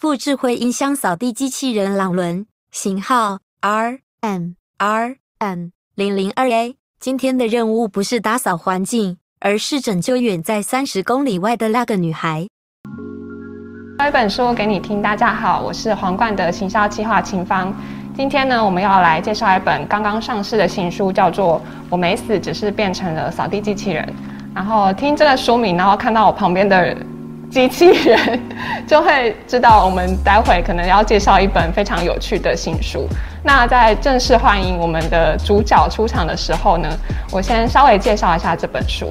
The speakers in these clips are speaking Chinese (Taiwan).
附智慧音箱掃地機器人朗倫，型號 RNRN002A。今天的任務不是打掃環境，而是拯救遠在三十公里外的那個女孩。說一本書給你聽，大家好，我是皇冠的行銷計劃秦芳。今天呢，我們要來介紹一本剛剛上市的新書，叫做《我沒死，只是變成了掃地機器人》。然後聽這個書名，然後看到我旁邊的機器人，就會知道我們待會可能要介紹一本非常有趣的新書。那在正式歡迎我們的主角出場的時候呢，我先稍微介紹一下這本書。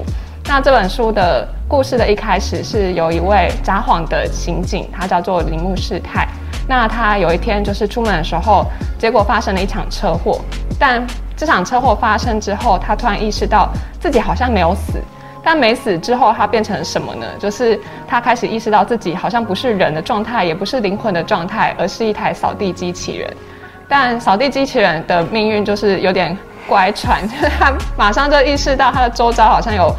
那這本書的故事的一開始是有一位札幌的刑警，他叫做鈴木勢太。那他有一天就是出門的時候，結果發生了一場車禍。但這場車禍發生之後，他突然意識到自己好像沒有死。但沒死之後，他變成什麼呢？就是他開始意識到自己好像不是人的狀態，也不是靈魂的狀態，而是一台掃地機器人。但掃地機器人的命運就是有點乖舛，就是他馬上就意識到他的周遭好像有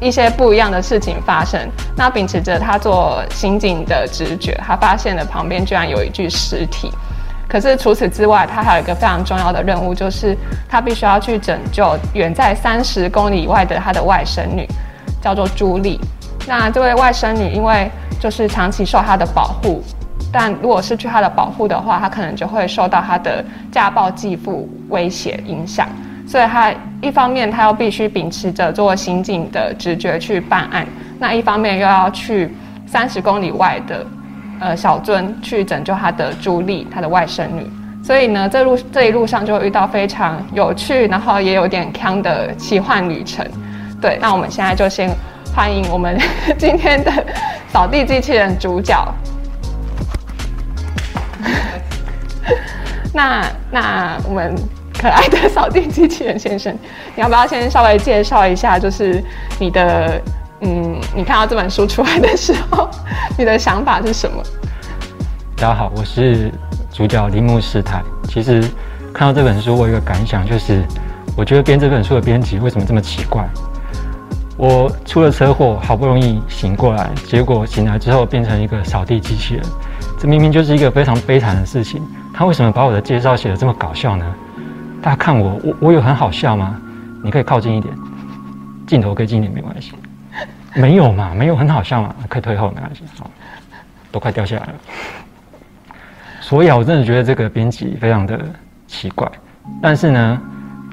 一些不一樣的事情發生。那秉持着他做刑警的直覺，他發現了旁邊居然有一具屍體。可是除此之外，他還有一個非常重要的任務，就是他必須要去拯救遠在三十公里以外的他的外甥女，叫做朱莉。那這位外甥女因為就是長期受他的保護，但如果失去他的保護的話，她可能就會受到她的家暴繼父威脅影響。所以他一方面，他要必須秉持着做刑警的直覺去辦案；那一方面又要去三十公里外的，呃，小樽去拯救他的朱莉，他的外甥女。所以呢，這路這一路上就會遇到非常有趣，然後也有點 ㄎㄧㄤ 的奇幻旅程。對，那我們現在就先歡迎我們 今天的掃地機器人主角。Okay. 那那我們。可愛的掃地機器人先生，你要不要先稍微介紹一下？就是你的，嗯，你看到這本書出來的時候，你的想法是什麼？大家好，我是主角鈴木勢太。其實看到這本書，我有一個感想，就是我覺得編這本書的編輯為什麼這麼奇怪？我出了車禍，好不容易醒過來，結果醒來之後變成一個掃地機器人，這明明就是一個非常悲慘的事情，他為什麼把我的介紹寫得這麼搞笑呢？大家看我，我我有很好笑嗎？你可以靠近一點，鏡頭可以近一點沒關係。沒有嘛，沒有很好笑嘛，可以退後沒關係。好，都快掉下來了。所以我真的覺得這個編輯非常的奇怪。但是呢，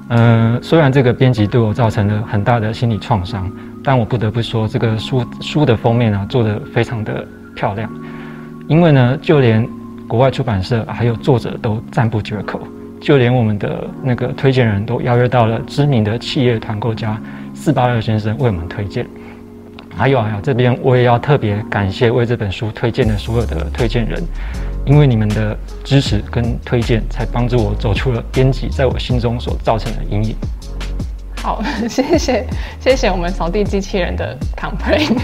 嗯、呃，雖然這個編輯對我造成了很大的心理創傷，但我不得不說，這個書書的封面啊，做得非常的漂亮。因為呢，就連國外出版社還有作者都讚不絕口。就連我們的那個推薦人都邀約到了知名的企業團購家四八六先生為我們推薦。還有還有，這邊我也要特別感謝為這本書推薦的所有的推薦人，因為你們的支持跟推薦，才幫助我走出了編輯在我心中所造成的陰影。好，謝謝，謝謝我們掃地機器人的 complain。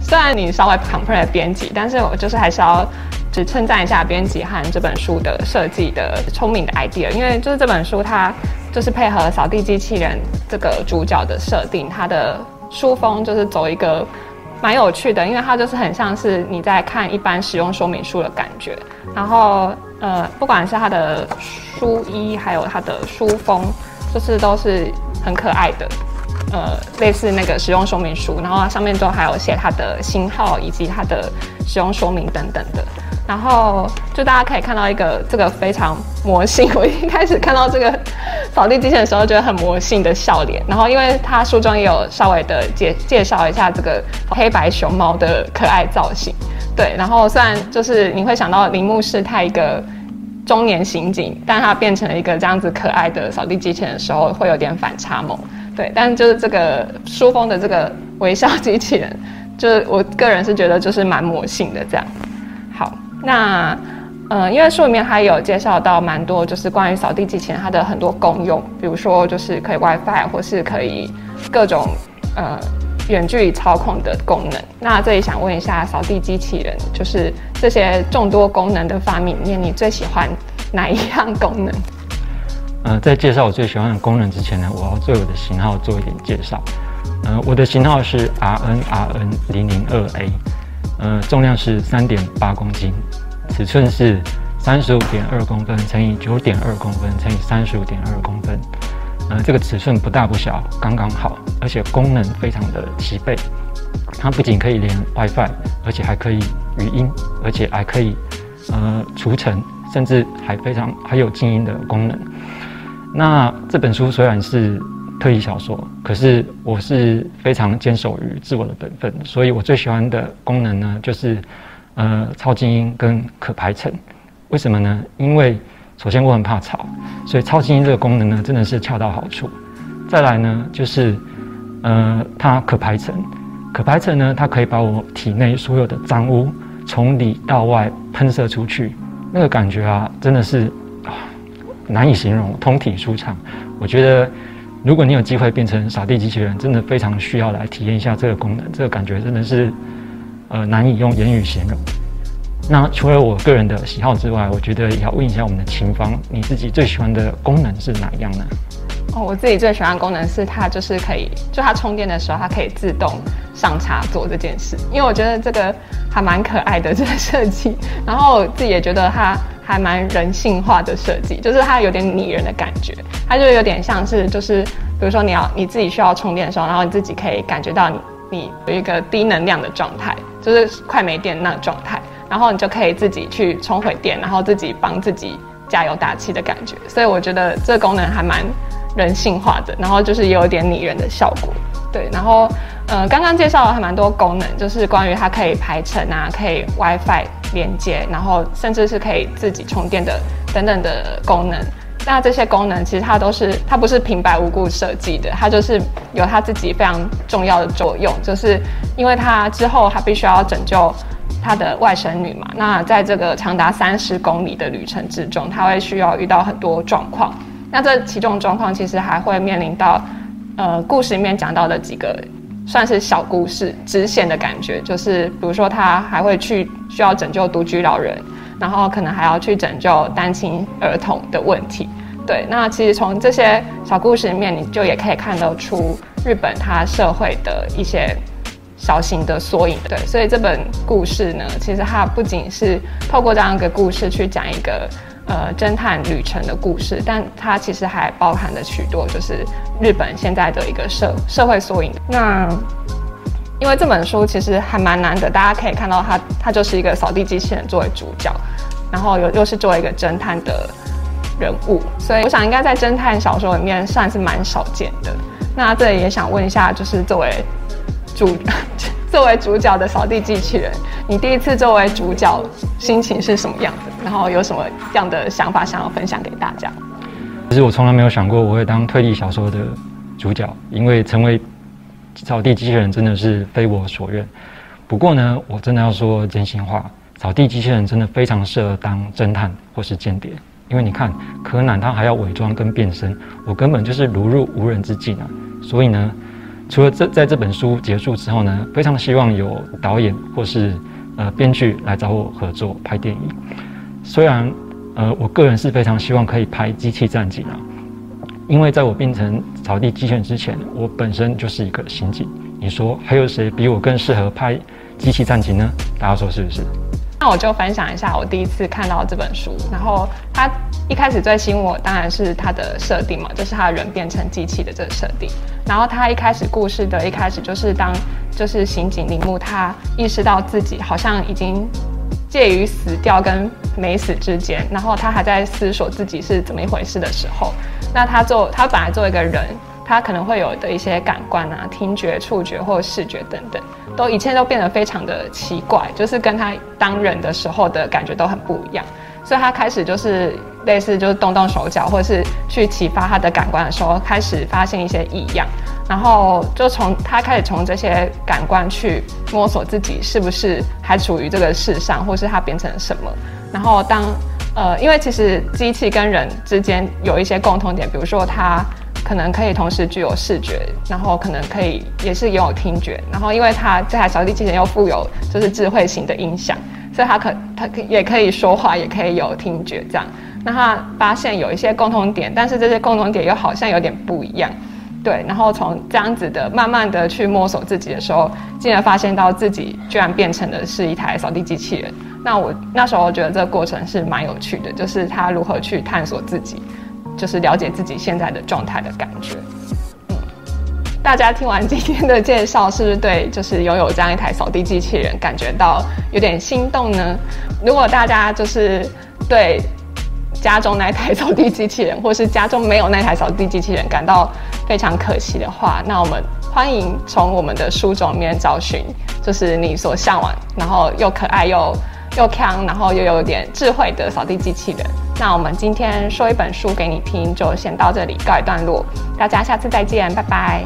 雖然你稍微 complain 了編輯，但是我就是還是要。只稱讚一下編輯和這本書的設計的聰明的 idea，因為就是這本書，它就是配合掃地機器人這個主角的設定，它的書封就是走一個蠻有趣的，因為它就是很像是你在看一般使用說明書的感覺。然後呃，不管是它的書衣，還有它的書封，就是都是很可愛的，呃，類似那個使用說明書。然後它上面都還有寫它的型號以及它的使用說明等等的。然後就大家可以看到一個這個非常魔性，我一開始看到這個掃地機器人的時候，覺得很魔性的笑臉。然後因為它書中也有稍微的介介紹一下這個黑白熊貓的可愛造型，對。然後雖然就是你會想到鈴木勢太一個中年刑警，但他變成了一個這樣子可愛的掃地機器人的時候，會有點反差萌，對。但是就是這個書封的這個微笑機器人，就是我個人是覺得就是蠻魔性的這樣。那，呃，因為書裡面還有介紹到蠻多，就是關於掃地機器人它的很多功用，比如說就是可以 WiFi，或是可以各種呃遠距離操控的功能。那這裡想問一下，掃地機器人就是這些眾多功能的發明裡面，你最喜歡哪一樣功能？嗯、呃，在介紹我最喜歡的功能之前呢，我要對我的型號做一點介紹。嗯、呃，我的型號是 RN RN 零零二 A，嗯，重量是三點八公斤。尺寸是三十五點二公分乘以九點二公分乘以三十五點二公分，呃，這個尺寸不大不小，剛剛好，而且功能非常的齊備。它不僅可以連 WiFi，而且還可以語音，而且還可以呃除塵，甚至還非常還有靜音的功能。那這本書雖然是推理小說，可是我是非常堅守於自我的本分，所以我最喜歡的功能呢，就是。呃，超靜音跟可排塵，為什麼呢？因為首先我很怕吵，所以超靜音這個功能呢，真的是恰到好處。再來呢，就是呃，它可排塵，可排塵呢，它可以把我體內所有的髒污從裡到外噴射出去，那個感覺啊，真的是啊、哦、難以形容，通體舒暢。我覺得，如果你有機會變成掃地機器人，真的非常需要來體驗一下這個功能，這個感覺真的是。呃，難以用言語形容。那除了我個人的喜好之外，我覺得也要問一下我們的秦芳，你自己最喜歡的功能是哪一樣呢？哦，我自己最喜歡的功能是它就是可以，就它充電的時候，它可以自動上插座這件事。因為我覺得這個還蠻可愛的這個設計，然後自己也覺得它還蠻人性化的設計，就是它有點擬人的感覺，它就有點像是就是，比如說你要你自己需要充電的時候，然後你自己可以感覺到你。你有一個低能量的狀態，就是快沒電那狀態，然後你就可以自己去充回電，然後自己幫自己加油打氣的感覺。所以我覺得這個功能還蠻人性化的，然後就是也有點擬人的效果。對，然後呃，剛剛介紹了還蠻多功能，就是關於它可以排程啊，可以 WiFi 連接，然後甚至是可以自己充電的等等的功能。那這些功能其實它都是，它不是平白無故設計的，它就是有它自己非常重要的作用，就是因為它之後它必須要拯救它的外甥女嘛。那在這個長達三十公里的旅程之中，它會需要遇到很多狀況。那這其中的狀況其實還會面臨到，呃，故事裡面講到的幾個算是小故事支線的感覺，就是比如說他還會去需要拯救獨居老人。然後可能還要去拯救單親兒童的問題，對。那其實從這些小故事裡面，你就也可以看得出日本它社會的一些小型的縮影。對，所以這本故事呢，其實它不僅是透過這樣一個故事去講一個呃偵探旅程的故事，但它其實還包含了許多就是日本現在的一個社社會縮影。那。因為這本書其實還蠻難得，大家可以看到，他，他就是一個掃地機器人作為主角，然後又又是作為一個偵探的人物，所以我想應該在偵探小說裡面算是蠻少見的。那這裡也想問一下，就是作為主作為主角的掃地機器人，你第一次作為主角心情是什麼樣的？然後有什麼樣的想法想要分享給大家？其實我從來沒有想過我會當推理小說的主角，因為成為。掃地機器人真的是非我所願，不過呢，我真的要說真心話，掃地機器人真的非常適合當偵探或是間諜，因為你看，柯南他還要偽裝跟變身，我根本就是如入無人之境啊！所以呢，除了這，在這本書結束之後呢，非常希望有導演或是呃編劇來找我合作拍電影，雖然呃，我個人是非常希望可以拍機器戰警啊。因為在我變成掃地機器人之前，我本身就是一個刑警。你說還有誰比我更適合拍機器戰警呢？大家說是不是？那我就分享一下我第一次看到這本書，然後他一開始最吸引我當然是他的設定嘛，就是他人變成機器的這個設定。然後他一開始故事的一開始就是當就是刑警鈴木，他意識到自己好像已經介於死掉跟沒死之間，然後他還在思索自己是怎麼一回事的時候，那他做他本來作為一個人，他可能會有的一些感官啊，聽覺、觸覺或者視覺等等，都一切都變得非常的奇怪，就是跟他當人的時候的感覺都很不一樣。所以他開始就是類似就是動動手腳，或是去啟發他的感官的時候，開始發現一些異樣，然後就從他開始從這些感官去摸索自己是不是還處於這個世上，或是他變成什麼。然後當，呃，因為其實機器跟人之間有一些共通點，比如說它可能可以同時具有視覺，然後可能可以也是擁有聽覺，然後因為它這台掃地機器人又富有就是智慧型的音響，所以它可它可也可以說話，也可以有聽覺這樣。那它發現有一些共通點，但是這些共通點又好像有點不一樣。對，然後從這樣子的慢慢的去摸索自己的時候，竟然發現到自己居然變成了是一台掃地機器人。那我那時候我覺得這個過程是蠻有趣的，就是他如何去探索自己，就是了解自己現在的狀態的感覺。嗯，大家聽完今天的介紹，是不是對，就是擁有這樣一台掃地機器人，感覺到有點心動呢？如果大家就是對。家中那台掃地機器人，或是家中沒有那台掃地機器人，感到非常可惜的話，那我們歡迎從我們的書中裡面找尋，就是你所向往，然後又可愛又又 ㄎㄧㄤ，然後又有點智慧的掃地機器人。那我們今天說一本書給你聽，就先到這裡告一段落，大家下次再見，拜拜。